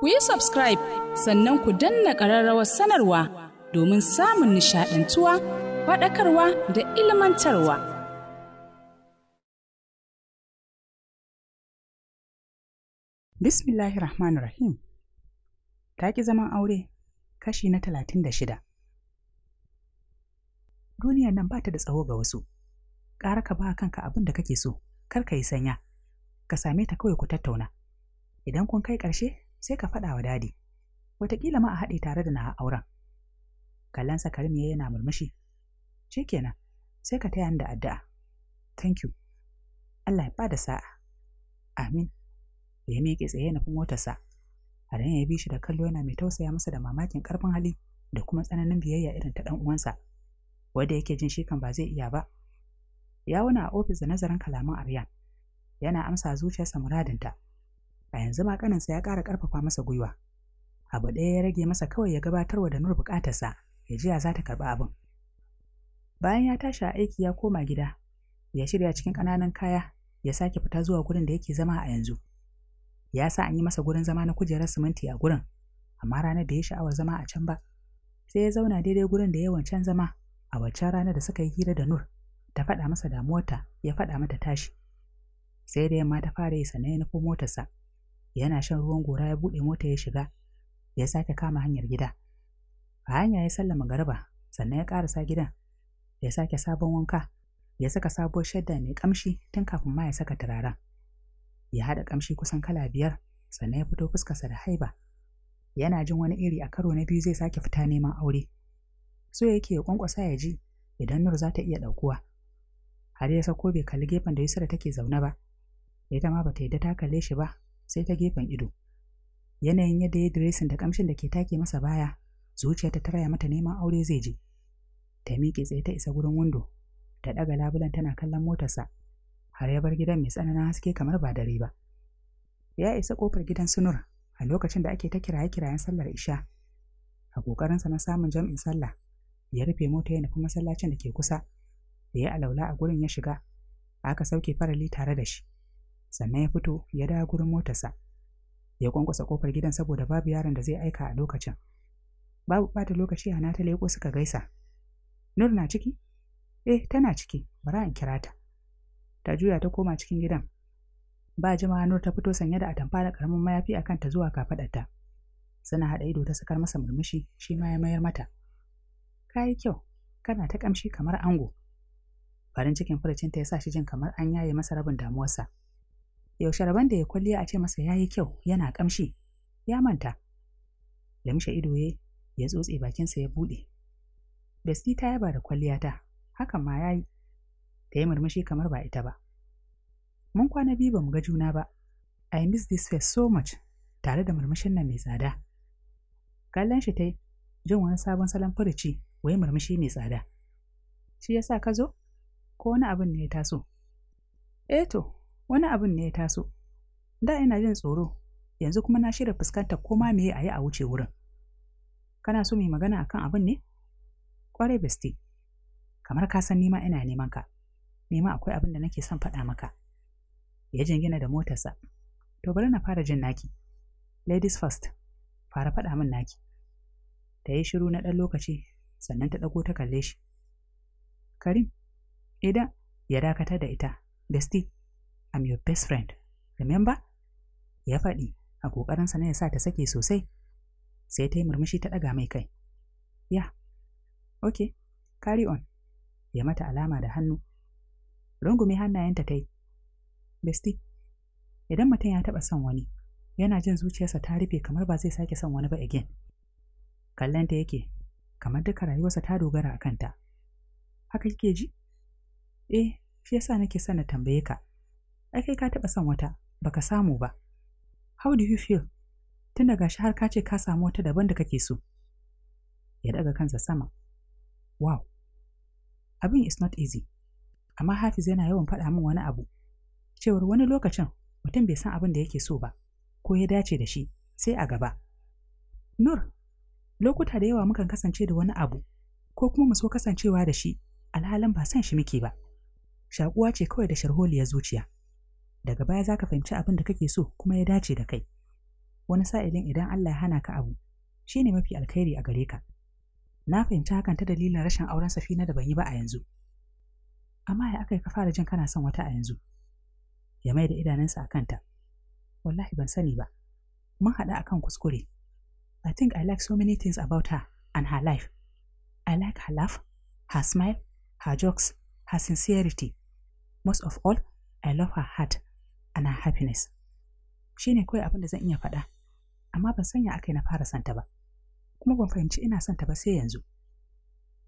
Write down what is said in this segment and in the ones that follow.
ku yi subscribe sannan ku danna ƙararrawar sanarwa domin samun nishaɗantuwa faɗakarwa da ilmantarwa. Bismillahi Ta ƙi zaman aure kashi na talatin da shida. Duniyar nan ba ta da tsawo ga wasu, ƙara ka ba kanka abin da kake so, kar ka yi sanya, ka same ta kawai ku tattauna. Idan kun kai ƙarshe, sai ka faɗa wa dadi wataƙila ma a haɗe tare da na auren Kallon karim ya yana murmushi kenan, sai ka taya ni da addu'a thank you Allah ya bada sa'a amin da ya miƙe tsaye na motarsa a ya bi shi da kallo yana mai tausaya masa da mamakin ƙarfin hali da kuma tsananin biyayya irin ta ɗan uwansa wanda yake jin shi kan ba zai iya ba ya wuna a ofis da nazarin kalaman Aryan yana amsa zuciyarsa muradinta a yanzu ma kaninsa ya ƙara ƙarfafa masa gwiwa abu ɗaya ya rage masa kawai ya gabatarwa da nur buƙatarsa ya jiya za ta karɓi abin bayan ya tashi a aiki ya koma gida ya shirya cikin ƙananan kaya ya sake fita zuwa gurin da yake zama a yanzu ya sa an yi masa gurin zama na kujerar siminti a gurin amma ranar da ya sha'awar zama a can ba sai ya zauna daidai gurin da ya wancan zama a waccan ranar da suka yi hira da nur ta faɗa masa damuwarta ya faɗa mata tashi sai da yamma ta fara yi sannan ya nufo motarsa yana shan ruwan gora ya buɗe mota ya shiga ya sake kama hanyar gida a hanya ya sallama garba sannan ya ƙarasa gidan ya sake sabon wanka ya saka sabuwar shadda mai ƙamshi tun kafin ma ya saka turaren ya haɗa ƙamshi kusan kala biyar sannan ya fito fuskarsa da haiba yana jin wani iri a karo na biyu zai sake fita neman aure so yake ya kwankwasa ya ji idan nur za ta iya ɗaukuwa har ya sako bai kalli gefen da yusra take zaune ba ita ma bata yadda ta kalle shi ba sai ta gefen ido yanayin yadda ya diresin da kamshin da ke take masa baya zuciya ta taraya mata neman aure zai je ta miƙe tsaye ta isa gurin windo ta ɗaga labulan tana kallon motarsa har ya bar gidan mai tsananin haske kamar ba dare ba ya isa ƙofar gidan sunur a lokacin da ake ta kiraye-kirayen sallar isha a ƙoƙarinsa na samun jam'in sallah ya rufe mota ya nufi masallacin da ke kusa da ya alaula a gurin ya shiga aka sauke farali tare da shi sannan ya fito ya dawo gurin motarsa ya kwankwasa kofar gidan saboda babu yaron da zai aika a lokacin babu bata lokaci a nata leko suka gaisa nur na ciki eh tana ciki bara in kira ta ta juya ta koma cikin gidan ba jimawa nur ta fito sanye da atamfa da karamin mayafi akan ta zuwa kafadarta suna haɗa ido ta sakar masa murmushi shi ma ya mayar mata kayi kyau kana ta kamshi kamar ango farin cikin faracinta ya sa shi jin kamar an yaye masa rabin damuwarsa yaushe rabon da ya kwalliya a ce masa ya yi kyau yana kamshi ya manta lamshe ido ya ya tsotse bakinsa ya buɗe besti ta yaba da kwalliya ta Haka ma ya ta yi murmushi kamar ba ita ba mun kwana biyu ba mu ga juna ba i miss this face so much tare da murmushin nan mai tsada kallon shi ta yi jin wani sabon salon furuci wai murmushi mai tsada shi yasa ka zo ko wani abin ne ya taso Eto. Eh wani abin ne ya taso da ina jin tsoro yanzu kuma na shirya fuskantar koma me a yi a wuce wurin kana so mai magana akan abin ne kwarai besti kamar ka san nima ina neman ka nima akwai abin da nake son faɗa maka ya jingina da motarsa to bari na fara jin naki ladies first fara faɗa min naki ta yi shiru na ɗan lokaci sannan ta ɗago ta kalle shi karim idan ya dakata da ita besti I'm your best friend, remember? Ya faɗi, a ƙoƙarinsa na ya sa ta sake sosai, sai ta yi murmushi ta ɗaga mai kai. Ya, yeah. ok, carry on, ya mata alama da hannu. Rungume hannayenta ta yi, Besti, idan mutum ya taɓa son wani, yana jin zuciyarsa ta rufe kamar ba zai sake son wani ba again. Kallonta yake, kamar duka rayuwarsa ta dogara a kanta. Haka kike ji? Eh, shi yasa nake son na tambaye ka. ai kai ka taɓa son wata baka samu ba how do you feel tun daga har ka ce ka samu wata daban da kake so ya daga kansa sama wow abin is not easy amma hafiz yana yawan faɗa min wani abu cewar wani lokacin mutum bai san abin da yake so ba ko ya dace da shi sai a gaba nur lokuta da yawa mukan kasance da wani abu ko kuma mu so kasancewa da shi alhalin ba san shi muke ba Shaƙuwa ce kawai da sharholiyar zuciya daga baya za ka fahimci abin da kake so kuma ya dace da kai wani sa'ilin idan Allah ya hana ka abu shi ne mafi alkhairi a gare ka na fahimci hakan ta dalilin rashin auren safina da ban yi ba a yanzu amma ya aka yi ka fara jin kana son wata a yanzu ya mai da idanunsa a kanta wallahi ban sani ba mun haɗu akan kuskure I think I like so many things about her and her life. I like her laugh, her smile, her jokes, her sincerity. Most of all, I love her heart. ana happiness shi ne kawai abin da zan iya faɗa amma ban sanya akai na fara santa ba kuma ban fahimci ina santa ba sai yanzu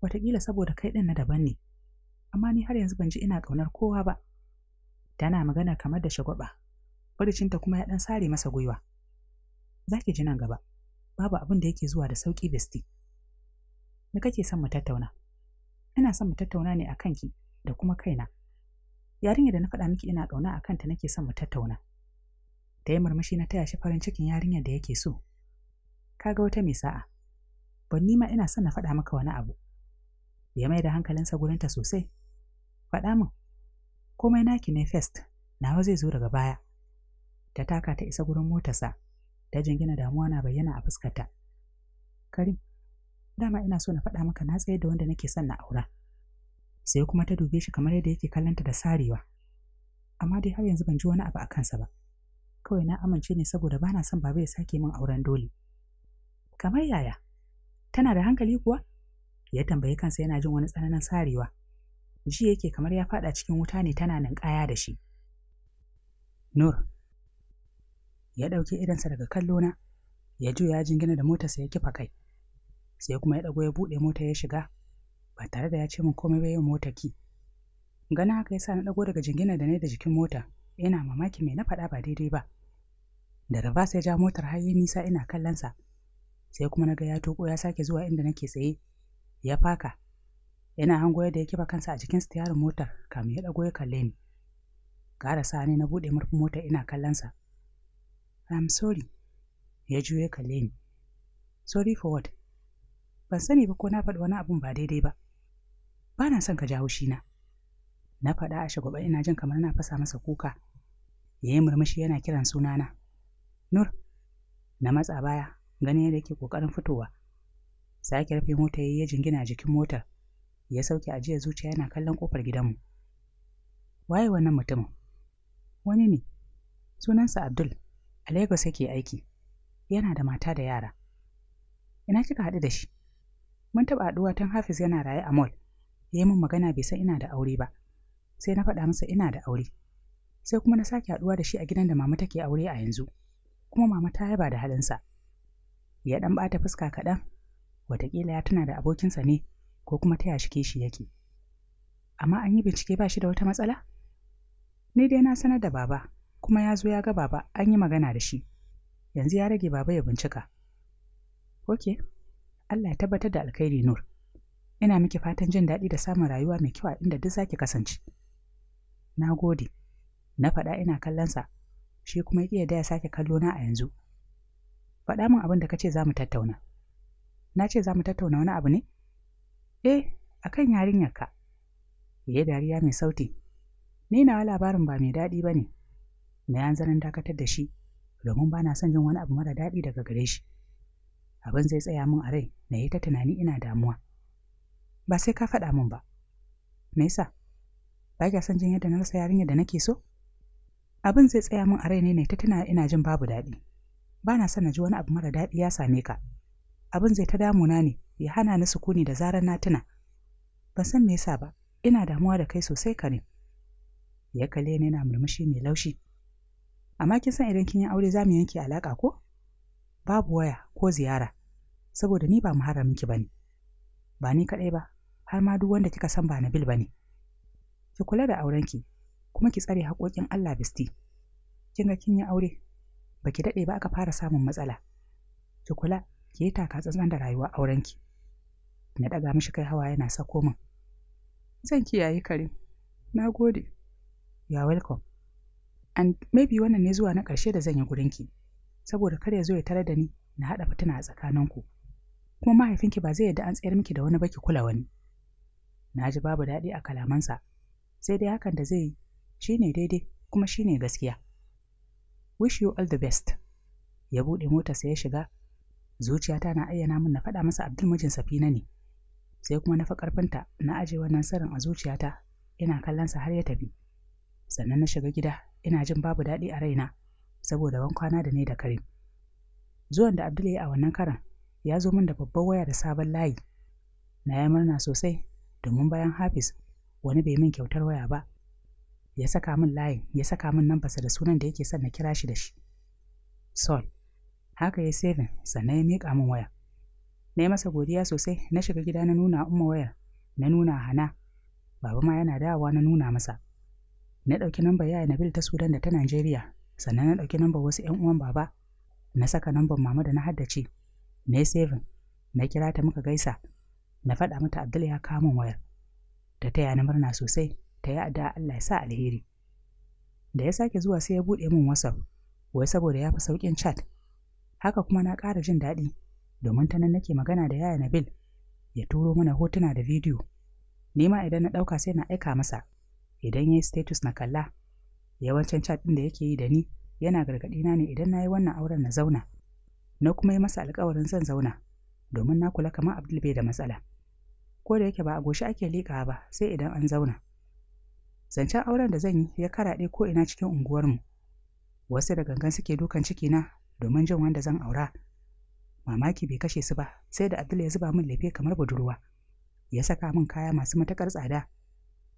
wataƙila saboda kai ɗin na daban ne amma ni har yanzu ban ji ina ƙaunar kowa ba tana magana kamar da shagwaba furicinta kuma ya ɗan sare masa gwiwa za ki ji nan gaba babu abin da yake zuwa da sauƙi besti me kake son mu tattauna ina son mu tattauna ne a kanki da kuma kaina yarinya da na faɗa miki ina ƙauna a kanta nake son mu tattauna ta yi murmushi na taya shi farin cikin yarinyar da yake so kaga wata mai sa'a ban nima ina son na faɗa maka wani abu ya mai da hankalinsa gurinta sosai faɗa min komai naki ne fest nawa zai zo daga baya ta taka ta isa gurin motarsa ta jingina damuwa na bayyana a fuskarta karim dama ina so na faɗa maka na tsaye da wanda nake son na aura sai kuma ta dube shi kamar yadda yake kallonta da sarewa amma dai har yanzu ban ji wani abu a kansa ba kawai na amince ne saboda bana son baba ya sake min auren dole kamar yaya tana da hankali kuwa ya tambayi kansa yana jin wani tsananin sarewa ji yake kamar ya fada cikin wuta ne tana ninkaya da shi nur ya ɗauki idansa daga kallo na. ya juya ya jingina da motarsa ya kifa kai sai kuma ya ɗago ya buɗe mota ya shiga ba tare da ya ce min komai ba yau mota ki gana haka yasa na dago daga jingina da ne da jikin mota Ina mamaki mai na faɗa ba daidai ba da raba sai ja motar har yi nisa ina kallonsa sai kuma na ga ya toko ya sake zuwa inda nake tsaye ya faka yana hango yadda ya kiba kansa a cikin stiyarin motar kamin ya dago ya kalle ni gara sa ne na buɗe murfin mota ina kallonsa I'm sorry ya juye kalle ni sorry for what ban sani ba ko na faɗi wani abun ba daidai ba bana son ka jawo shi na Na faɗa a shagwaba ina jin kamar na fasa masa kuka ya yi murmushi yana kiran sunana nur na matsa baya ganin yadda yake ƙoƙarin fitowa sake rufe mota ya jingina jikin motar ya sauke ajiyar zuciya yana kallon ƙofar gidanmu waye wannan mutumin wani ne sunansa abdul a lagos yake aiki yana da mata da yara ina kika haɗu da shi mun taɓa haɗuwa tun hafiz yana raye a mall ya yi min magana bai san ina da aure ba sai na faɗa masa ina da aure sai kuma na sake haɗuwa da shi a gidan da mama take aure a yanzu kuma mama ta yaba da halin sa. ya ɗan ɓata fuska kaɗan wataƙila ya tana da abokinsa ne ko kuma ta yashi shi yake amma an yi bincike ba shi da wata matsala ni dai na sanar da baba kuma ya zo ya ga baba an yi magana da shi yanzu ya rage baba ya bincika ok Allah ya tabbatar da alkhairi nur ina miki fatan jin daɗi da samun rayuwa mai kyau a inda duk zaki kasance na gode na faɗa ina kallon sa, shi kuma ya da ya sake kallo na a yanzu faɗa min abin da ka ce za mu tattauna na ce za mu tattauna wani abu ne eh akan ka. ya dariya mai sauti ni nawa labarin ba mai daɗi ba ne na zanen dakatar da shi domin ba na son jin wani abu mara daɗi daga gare shi abin zai tsaya min a rai na yi ta tunani ina damuwa ba sai ka faɗa min ba me yasa ba kya san jin yadda na rasa yarinyar da nake so abin zai tsaya min a raina ne ta tana ina jin babu daɗi ba na son na ji wani abu mara daɗi ya same ka abin zai ta damuna ne ya hana ni sukuni da zarar na tuna ban san me yasa ba ina damuwa da kai sosai ka ne ya kale ni na murmushi mai laushi amma kin san idan kin yi aure za mu yanke alaƙa ko babu waya ko ziyara saboda ni ba muharramin ki bane ba ni kaɗai ba har ma duk wanda kika san ba Nabil ba ne. Ki kula da aurenki kuma ki tsare haƙoƙin Allah bisti. Kin ga kin yi aure Baki ki daɗe ba aka fara samun matsala. Ki kula ki yi taka tsantsan da rayuwar aurenki. Na ɗaga mishi kai hawa yana sako min. Zan kiyaye kare. Na gode. Ya welcome. And maybe wannan ne zuwa na ƙarshe da zan yi gurinki. Saboda kar ya zo ya tare da ni na haɗa fitina a tsakaninku. kuma mahaifinki ba zai yarda an tsayar miki da wani baki kula wani na ji babu daɗi a kalamansa sai dai hakan da zai yi shi ne daidai kuma shi ne gaskiya wish you all the best ya buɗe mota, motarsa ya shiga zuciyata na ayyana min na faɗa masa abdul mijin safina ne sai kuma na fi ƙarfinta na aje wannan sirrin a zuciyata ina kallonsa har ya tafi sannan na shiga gida ina jin babu daɗi a raina saboda wankwana da ne da karim zuwan da abdul ya yi a wannan karan ya zo min da babbar waya da sabon layi na ya murna sosai domin bayan hafiz wani bai min kyautar waya ba ya saka min layin ya saka min nan da sunan da yake son na kira shi da shi sol haka ya sevin sannan ya miƙa min waya na yi masa godiya sosai na shiga gida na nuna umma wayar na nuna hana baba ma yana dawowa na nuna masa na ɗauki nambar yaya nabil ta sudan da ta najeriya sannan na ɗauki nambar wasu 'yan uwan baba na saka nambar mama da na haddace Me seven na kira ta muka gaisa na faɗa mata abdul ya kama wayar ta taya ni murna sosai ta yi addu'a Allah ya sa alheri da ya sake zuwa sai ya buɗe min whatsapp wai saboda ya fi sauƙin chat haka kuma na ƙara jin daɗi domin ta nan nake magana da yaya Nabil ya turo mana hotuna da bidiyo ni ma idan na ɗauka sai na aika masa idan ya yi status na kalla yawancin chat ɗin da yake yi da ni yana gargaɗi na ne idan na yi wannan auren na zauna na kuma yi masa alkawarin zan zauna domin na kula kamar Abdul bai da matsala. Ko da yake ba a goshi ake liƙa ba sai idan an zauna. Zancen auren da zan yi ya karaɗe ko ina cikin unguwarmu. Wasu da gangan suke dukan cikina domin jin wanda zan aura. Mamaki bai kashe su ba sai da Abdul ya zuba min lefe kamar budurwa. Ya saka min kaya masu matakar tsada.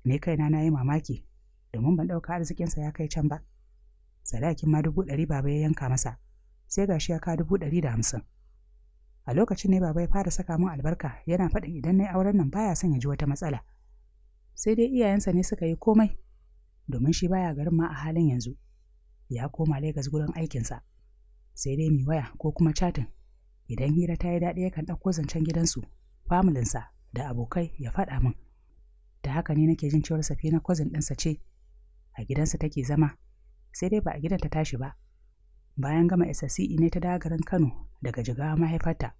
Ni kaina na yi mamaki domin ban ɗauka arzikinsa ya kai can ba. Sadakin ma dubu ɗari baba ya yanka masa. sai gashi ya kawo dubu ɗari da hamsin a lokacin ne baba ya fara saka min albarka yana faɗin idan na yi auren nan baya son ya ji wata matsala sai dai iyayensa ne suka yi komai domin shi baya garin ma a halin yanzu ya koma Legas gurin aikinsa sai dai mi waya ko kuma chatin idan hira ta yi daɗi yakan ɗauko zancen gidansu familinsa da abokai ya faɗa min da haka ne nake jin cewar safina cousin ɗinsa ce a gidansa take zama sai dai ba a gidan ta tashi ba bayan gama SSCE ne ta dagarin Kano daga jigawa mahaifarta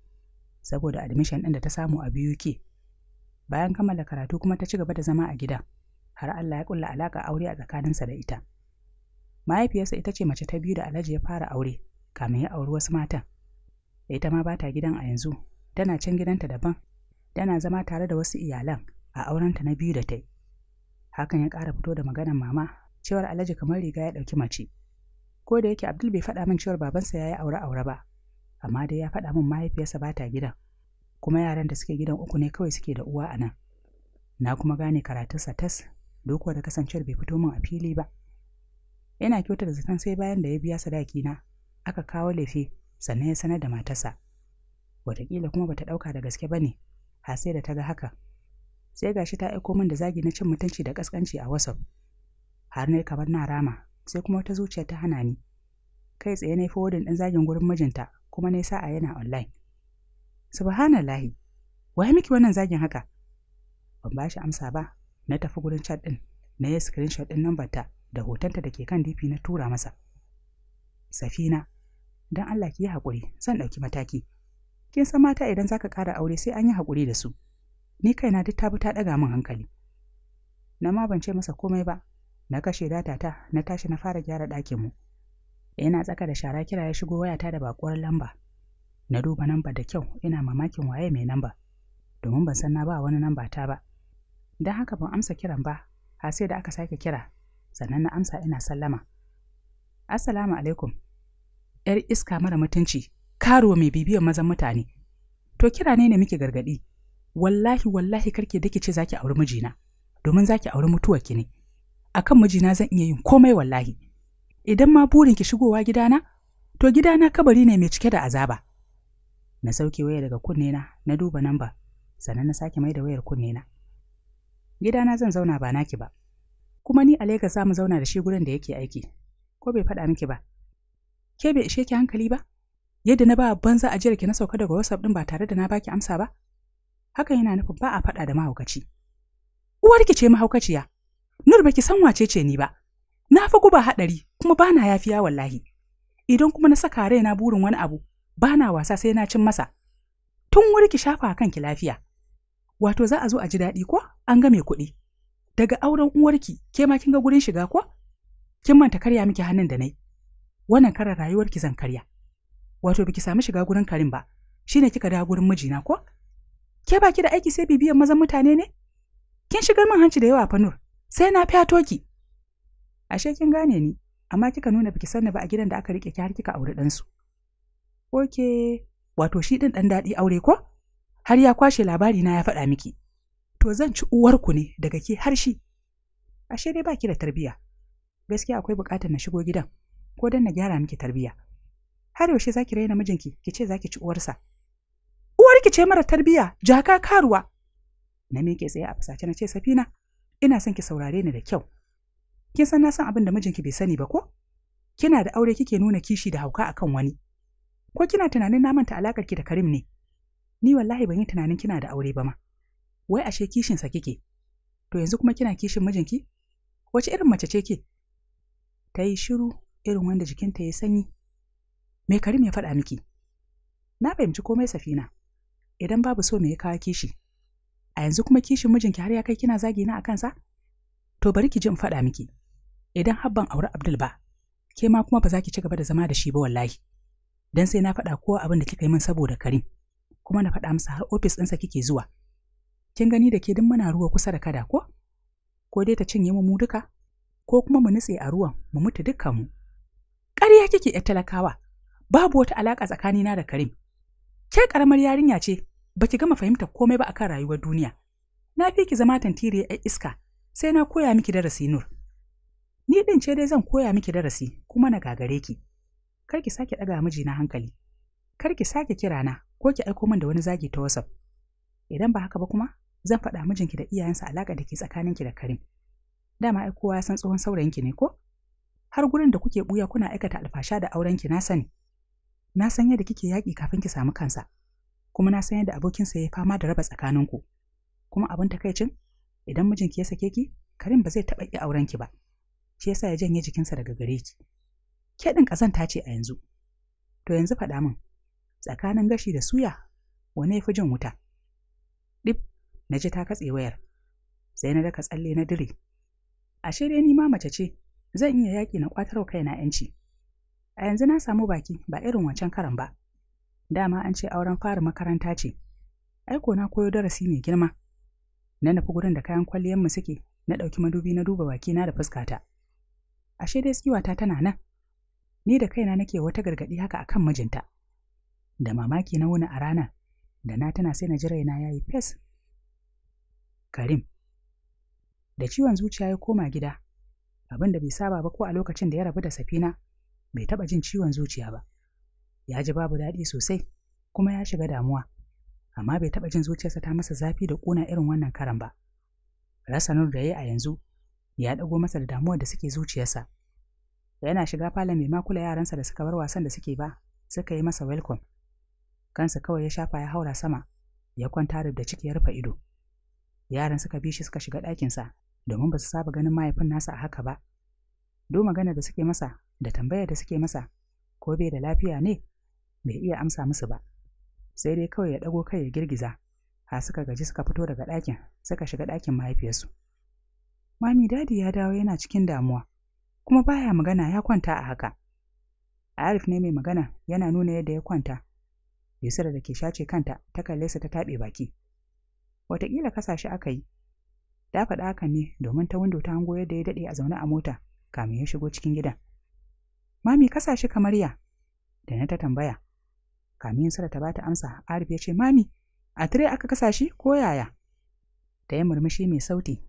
saboda admission ɗin da ta samu a BUK. Bayan kammala karatu kuma ta ci gaba da zama a gida har Allah ya kulla alaƙa aure a tsakaninsa da ita. Mahaifiyarsa ita ce mace ta biyu da Alhaji ya fara aure kamin ya auri wasu matan. Ita ma ba ta gidan a yanzu, tana can gidanta daban, tana zama tare da wasu iyalan a aurenta na biyu da ta yi. Hakan ya ƙara fito da maganar mama cewar Alhaji kamar riga ya ɗauki mace. ko da yake abdul bai faɗa min cewar babansa ya yi aure aure ba amma dai ya faɗa min mahaifiyarsa ba ta gidan kuma yaran da suke gidan uku ne kawai suke da uwa a nan na kuma gane karatun sa tas dokuwa da kasancewar bai fito min a fili ba yana kyautar zaton sai bayan da ya biya sadaki na aka kawo lefe sannan ya sanar da matarsa wataƙila kuma bata ɗauka da gaske ba ne har sai da ta ga haka sai gashi ta aiko min da zagi na cin mutunci da ƙasƙanci a wasaf har ne kamar na rama sai kuma wata zuciya ta hana ni kai tsaye na yi forwardin ɗin zagin gurin mijinta kuma na a yana online subhanallahi waye miki wannan zagin haka ban ba shi amsa ba na tafi gurin chat ɗin na yi screenshot ɗin number ta da hotonta da ke kan DP na tura masa safina dan Allah ki yi hakuri zan ɗauki mataki kin san mata idan zaka ƙara aure sai an yi hakuri da su ni kaina duk ta bi ta ɗaga min hankali na ma ban ce masa komai ba na kashe data ta na tashi na fara gyara ɗakin mu. yana tsaka da shara kira ya shigo wayata da bakuwar lamba na duba namba da kyau ina mamakin waye mai namba domin ban san na ba wani namba ta ba don haka ban amsa kiran ba har sai da aka sake kira sannan na amsa ina sallama assalamu alaikum yar iska mara mutunci Karuwa mai bibiyar mazan mutane to kira ne ne muke gargadi wallahi wallahi karke dake ce zaki auri mijina domin zaki auri mutuwa ki ne akan mijina zan iya yin komai wallahi idan ma burin ki shigowa gidana to gidana kabari ne mai cike da azaba na sauke waya daga kunnena na duba namba sannan na sake mai da wayar kunne kunnena gidana zan zauna ba naki ba kuma ni a Lagos mu zauna da shi gurin da yake aiki ko bai faɗa miki ba ke bai ishe ki hankali ba yadda na ba za a ki na sauka daga WhatsApp din ba tare da na baki amsa ba Haka yana nufin ba a faɗa da mahaukaci uwarki ce mahaukaciya Nur baki san wace ce ni ba. Na fi guba haɗari kuma bana yafiya wallahi. Idan kuma na saka raina burin wani abu, bana wasa sai na cin masa. Tun wuri ki shafa ki lafiya. Wato za a zo a ji daɗi ko an ga mai kuɗi. Daga auren uwarki, ke ma kin ga gurin shiga ko? Kin manta karya miki hannun da nai. Wannan karar rayuwarki zan karya. Wato biki samu shiga gurin Karim ba, shine kika dawo gurin mijina ko? Ke baki da aiki sai bibiyan mazan mutane ne? Kin shigar min hanci da yawa fa Nur. sai na fyato ki ashe kin gane ni amma kika nuna biki sanna ba a gidan da aka rike ki har kika aure dan su oke wato shi din dan dadi aure ko har ya kwashe labari na ya faɗa miki to zan ci uwar ku ne daga ke har shi ashe dai baki da tarbiya gaskiya akwai buƙatar na shigo gidan ko dan na gyara miki tarbiya har yaushe zaki raina mijinki ki ce zaki ci uwarsa uwarki ce mara tarbiya jaka karuwa na ke tsaye a fasace na ce safina ina son ki saurare ni da kyau kin san na san abin da mijinki bai sani ba ko kina da aure kike nuna kishi da hauka akan wani ko kina tunanin na manta alakar ki da Karim ne ni wallahi ban yi tunanin kina da aure ba ma wai ashe kishin sa kike to yanzu kuma kina kishin mijinki wace irin mace ce ke ta yi shiru irin wanda jikinta ya sanyi me Karim ya faɗa miki na fahimci komai safina idan babu so me ya kawo kishi a yanzu kuma kishin mijinki har ya kai kina zagi na a kansa. to bari ki ji in faɗa miki idan habban aure Abdul ba ke ma kuma ba za ki ci gaba da zama da shi ba wallahi dan sai na faɗa kowa abin da kika yi min saboda Karim kuma na faɗa masa har ofis ɗinsa kike zuwa kin gani da ke duk muna ruwa kusa da kada ko ko dai ta cinye mu mu duka ko kuma mu nutse a ruwan mu mutu dukkan mu. ƙarya kike yar talakawa babu wata alaƙa tsakanina da Karim ke karamar yarinya ce ba ki gama fahimtar komai ba akan rayuwar duniya. Na fi ki zama tantire a iska, sai na koya miki darasi Nur. Ni ɗin ce dai zan koya miki darasi kuma na gagare ki. Kar ki sake ɗaga miji na hankali. Kar ki sake kira na ko ki aiko min da wani zagi ta WhatsApp. Idan ba haka ba kuma zan faɗa mijinki da iyayensa alaƙa da ke tsakaninki da Karim. Dama ai kowa ya san tsohon ki ne ko? Har gurin da kuke buya kuna aikata alfasha da aurenki na sani. Na san yadda kike yaƙi kafin ki samu kansa. kuma na san yadda abokinsa ya fama da raba tsakaninku kuma abin takaicin idan mijinki ya sake ki karim ba zai taɓa ki auren ki ba shi yasa ya janye jikinsa daga gare ki ke ɗin ƙazanta ce a yanzu to yanzu faɗa min tsakanin gashi da suya wane fi jin wuta ɗib na ji ta katse wayar sai na daka tsalle na dire a shirye ni ma mace ce zan iya yaƙi na ƙwatar kaina yanci a yanzu na samu baki ba irin wancan karan ba dama an ce auren fara makaranta ce aiko na koyo darasi mai girma na nufi gurin da kayan mu suke na ɗauki madubi na duba baki na da fuskata ashe dai tsiwata tana nan ni da kaina nake wata gargaɗi haka akan mijinta da mamaki na wuni a rana da na tana sai na ji raina ya yi fes karim da ciwon zuciya ya koma gida abin da bai saba ba ko a lokacin da ya rabu da safina bai taɓa jin ciwon zuciya ba ya ji babu daɗi sosai kuma ya shiga damuwa amma bai taɓa jin zuciyarsa ta masa zafi da ƙuna irin wannan karan ba rasa nur da ya yi a yanzu ya ɗago masa da damuwar da suke zuciyarsa yana shiga falon mai makula yaransa da suka bar wasan da suke ba suka yi masa welcome kansa kawai ya shafa ya haura sama ya kwanta da ciki ya rufe ido yaran suka bi shi suka shiga ɗakinsa domin ba su saba ganin mahaifin nasa a haka ba do magana da suke masa da tambayar da suke masa ko bai da lafiya ne bai iya amsa musu ba sai dai kawai ya ɗago kai ya girgiza ha suka gaji suka fito daga ɗakin suka shiga ɗakin mahaifiyarsu mami dadi ya dawo yana cikin damuwa kuma baya magana ya kwanta a haka arif ne mai magana yana nuna yadda ya kwanta yusra da ke shace kanta ta kalle su ta taɓe baki wataƙila kasashe aka yi ta faɗa hakan ne domin ta windo ta hango yadda ya daɗe a zaune a mota kamin ya shigo cikin gidan mami kasashe kamar ya da na ta tambaya kamin Sara ta bata amsa Arif ya ce mami a tire aka kasa shi ko yaya ta yi murmushi mai sauti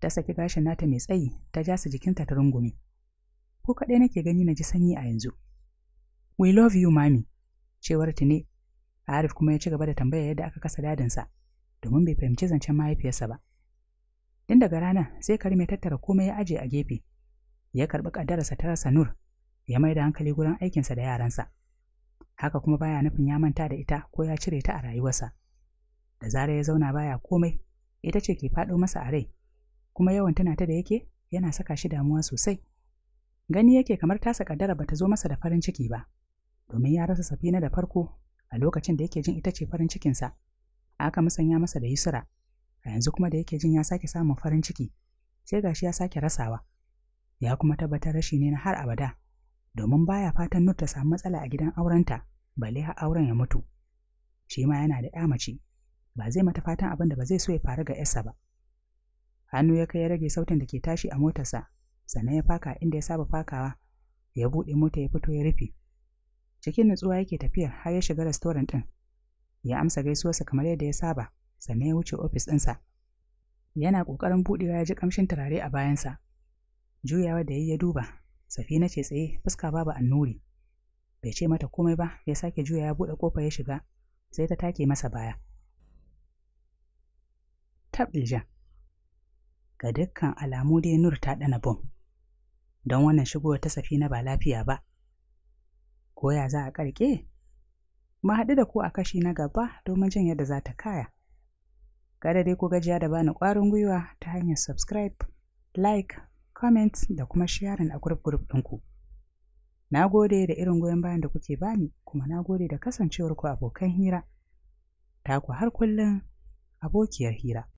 ta saki gashin nata mai tsayi ta ja su jikinta ta rungume ko kaɗai nake gani na ji sanyi a yanzu we love you mami cewar ta ne Arif kuma ya ci gaba da tambaya yadda aka kasa dadinsa domin bai fahimci zancen mahaifiyarsa ba tun daga rana sai karime tattara komai ya aje a gefe ya karɓi ƙaddararsa ta rasa nur ya mai da hankali gurin aikinsa da yaransa. haka kuma baya nufin ya manta da ita ko ya cire ta a rayuwarsa da zara ya zauna baya komai ita ce ke faɗo masa a rai kuma yawan tana ta da yake yana saka shi damuwa sosai gani yake kamar tasa kaddara bata zo masa da farin ciki ba domin ya rasa safina da farko a lokacin da yake jin ita ce farin cikinsa aka musanya masa da yusra a yanzu kuma da yake jin ya sake samun farin ciki sai gashi ya sake rasawa ya kuma tabbatar rashi ne na har abada domin baya fatan Nur ta samu matsala a gidan aurenta balle har auren ya mutu. Shi ma yana da ya mace, ba zai mata fatan abin da ba zai so ya faru ga yarsa ba. Hannu ya kai ya rage sautin da ke tashi a motarsa, sannan ya faka inda ya saba fakawa, ya buɗe mota ya fito ya rufe. Cikin nutsuwa yake tafiyar har ya shiga rastorant ɗin. Ya amsa gaisuwarsa kamar yadda ya saba, sannan ya wuce ofis ɗinsa. Yana ƙoƙarin buɗewa ya ji ƙamshin turare a bayansa. Juyawa da ya yi ya duba, Safina ce tsaye fuska babu annuri. Bai ce mata komai ba ya sake juya ya buɗe ƙofa ya shiga sai ta take masa baya. Tabija Ga dukkan alamu dai Nur ta ɗana bom. Don wannan shigowar ta Safina ba lafiya ba. Ko ya za a ƙarƙe? Ma haɗu da ku a kashi na gaba domin jin yadda za ta kaya. Kada dai ku gajiya da bani ƙwarin gwiwa ta hanyar subscribe, like, comment da kuma sharing a group group ɗinku. Na gode da irin goyon bayan da kuke bani kuma na gode da kasancewarku abokan hira. ta ku har kullum abokiyar hira.